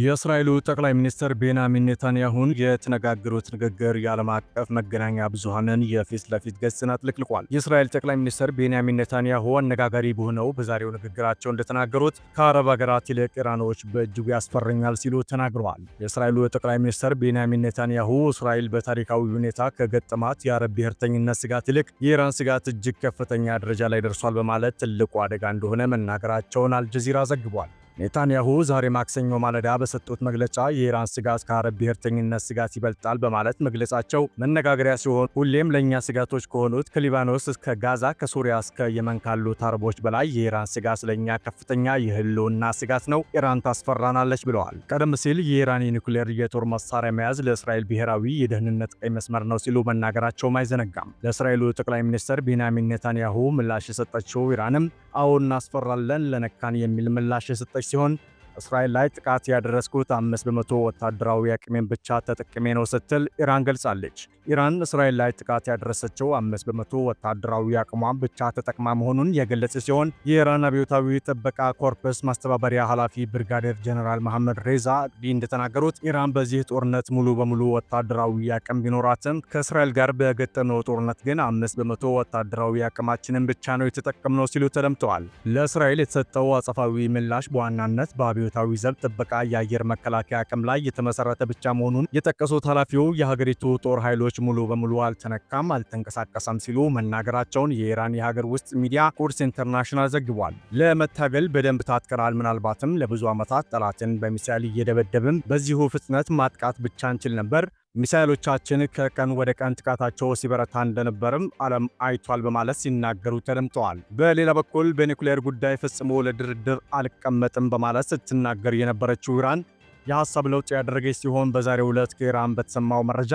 የእስራኤሉ ጠቅላይ ሚኒስትር ቤንያሚን ኔታንያሁን የተነጋገሩት ንግግር የዓለም አቀፍ መገናኛ ብዙሃንን የፊት ለፊት ገጽን አጥልቅልቋል። የእስራኤል ጠቅላይ ሚኒስትር ቤንያሚን ኔታንያሁ አነጋጋሪ በሆነው በዛሬው ንግግራቸው እንደተናገሩት ከአረብ ሀገራት ይልቅ ኢራኖች በእጅጉ ያስፈሩኛል ሲሉ ተናግረዋል። የእስራኤሉ ጠቅላይ ሚኒስትር ቤንያሚን ኔታንያሁ እስራኤል በታሪካዊ ሁኔታ ከገጠማት የአረብ ብሔርተኝነት ስጋት ይልቅ የኢራን ስጋት እጅግ ከፍተኛ ደረጃ ላይ ደርሷል በማለት ትልቁ አደጋ እንደሆነ መናገራቸውን አልጀዚራ ዘግቧል። ኔታንያሁ ዛሬ ማክሰኞ ማለዳ በሰጡት መግለጫ የኢራን ስጋት ከአረብ ብሔርተኝነት ስጋት ይበልጣል በማለት መግለጻቸው መነጋገሪያ ሲሆን ሁሌም ለእኛ ስጋቶች ከሆኑት ከሊባኖስ እስከ ጋዛ ከሱሪያ እስከ የመን ካሉት አረቦች በላይ የኢራን ስጋት ለእኛ ከፍተኛ የህልውና ስጋት ነው፣ ኢራን ታስፈራናለች ብለዋል። ቀደም ሲል የኢራን የኒኩሌር የጦር መሳሪያ መያዝ ለእስራኤል ብሔራዊ የደህንነት ቀይ መስመር ነው ሲሉ መናገራቸውም አይዘነጋም። ለእስራኤሉ ጠቅላይ ሚኒስትር ቤንያሚን ኔታንያሁ ምላሽ የሰጠችው ኢራንም አዎ እናስፈራለን ለነካን የሚል ምላሽ የሰጠ ሲሆን እስራኤል ላይ ጥቃት ያደረስኩት አምስት በመቶ ወታደራዊ አቅሜን ብቻ ተጠቅሜ ነው ስትል ኢራን ገልጻለች። ኢራን እስራኤል ላይ ጥቃት ያደረሰችው አምስት በመቶ ወታደራዊ አቅሟን ብቻ ተጠቅማ መሆኑን የገለጸ ሲሆን የኢራን አብዮታዊ ጥበቃ ኮርፕስ ማስተባበሪያ ኃላፊ ብርጋዴር ጀነራል መሐመድ ሬዛ ዲ እንደተናገሩት ኢራን በዚህ ጦርነት ሙሉ በሙሉ ወታደራዊ አቅም ቢኖራትም ከእስራኤል ጋር በገጠመው ጦርነት ግን አምስት በመቶ ወታደራዊ አቅማችንን ብቻ ነው የተጠቀምነው ሲሉ ተደምጠዋል። ለእስራኤል የተሰጠው አጸፋዊ ምላሽ በዋናነት በአብዮ አብዮታዊ ዘብ ጥበቃ የአየር መከላከያ አቅም ላይ የተመሰረተ ብቻ መሆኑን የጠቀሱት ኃላፊው የሀገሪቱ ጦር ኃይሎች ሙሉ በሙሉ አልተነካም፣ አልተንቀሳቀሰም ሲሉ መናገራቸውን የኢራን የሀገር ውስጥ ሚዲያ ቁርስ ኢንተርናሽናል ዘግቧል። ለመታገል በደንብ ታጥቀናል። ምናልባትም ለብዙ ዓመታት ጠላትን በሚሳይል እየደበደብም በዚሁ ፍጥነት ማጥቃት ብቻ እንችል ነበር። ሚሳይሎቻችን ከቀን ወደ ቀን ጥቃታቸው ሲበረታ እንደነበርም ዓለም አይቷል በማለት ሲናገሩ ተደምጠዋል። በሌላ በኩል በኒውክሌር ጉዳይ ፈጽሞ ለድርድር አልቀመጥም በማለት ስትናገር የነበረችው ኢራን የሐሳብ ለውጥ ያደረገች ሲሆን በዛሬው ዕለት ከኢራን በተሰማው መረጃ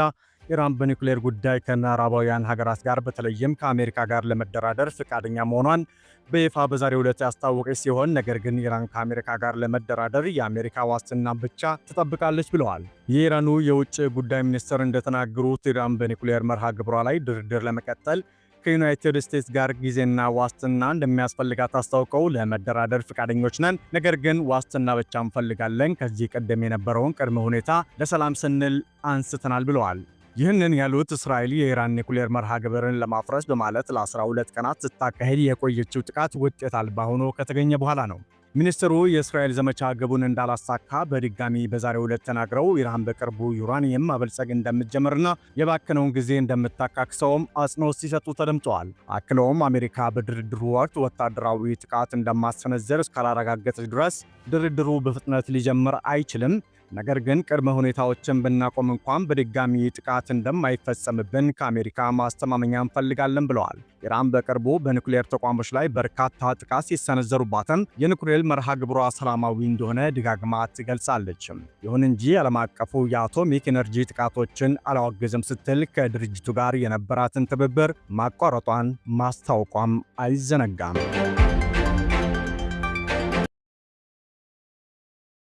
ኢራን በኒውክሌር ጉዳይ ከምዕራባውያን ሀገራት ጋር በተለይም ከአሜሪካ ጋር ለመደራደር ፈቃደኛ መሆኗን በይፋ በዛሬው ዕለት ያስታወቀች ሲሆን ነገር ግን ኢራን ከአሜሪካ ጋር ለመደራደር የአሜሪካ ዋስትና ብቻ ትጠብቃለች ብለዋል። የኢራኑ የውጭ ጉዳይ ሚኒስትር እንደተናገሩት ኢራን በኒውክሌር መርሃ ግብሯ ላይ ድርድር ለመቀጠል ከዩናይትድ ስቴትስ ጋር ጊዜና ዋስትና እንደሚያስፈልጋት አስታውቀው ለመደራደር ፈቃደኞች ነን፣ ነገር ግን ዋስትና ብቻ እንፈልጋለን። ከዚህ ቀደም የነበረውን ቅድመ ሁኔታ ለሰላም ስንል አንስተናል ብለዋል። ይህንን ያሉት እስራኤል የኢራን ኒኩሌር መርሃ ግብርን ለማፍረስ በማለት ለ12 ቀናት ስታካሄድ የቆየችው ጥቃት ውጤት አልባ ሆኖ ከተገኘ በኋላ ነው። ሚኒስትሩ የእስራኤል ዘመቻ ግቡን እንዳላሳካ በድጋሚ በዛሬው ዕለት ተናግረው ኢራን በቅርቡ ዩራኒየም ማበልጸግ እንደምትጀምርና የባከነውን ጊዜ እንደምታካክሰውም አጽንኦት ሲሰጡ ተደምጠዋል። አክለውም አሜሪካ በድርድሩ ወቅት ወታደራዊ ጥቃት እንደማሰነዘር እስካላረጋገጠች ድረስ ድርድሩ በፍጥነት ሊጀምር አይችልም ነገር ግን ቅድመ ሁኔታዎችን ብናቆም እንኳን በድጋሚ ጥቃት እንደማይፈጸምብን ከአሜሪካ ማስተማመኛ እንፈልጋለን ብለዋል። ኢራን በቅርቡ በኒኩሌር ተቋሞች ላይ በርካታ ጥቃት ሲሰነዘሩባትም የኒኩሌር መርሃ ግብሯ ሰላማዊ እንደሆነ ደጋግማ ትገልጻለች። ይሁን እንጂ ዓለም አቀፉ የአቶሚክ ኤነርጂ ጥቃቶችን አላወግዝም ስትል ከድርጅቱ ጋር የነበራትን ትብብር ማቋረጧን ማስታወቋም አይዘነጋም።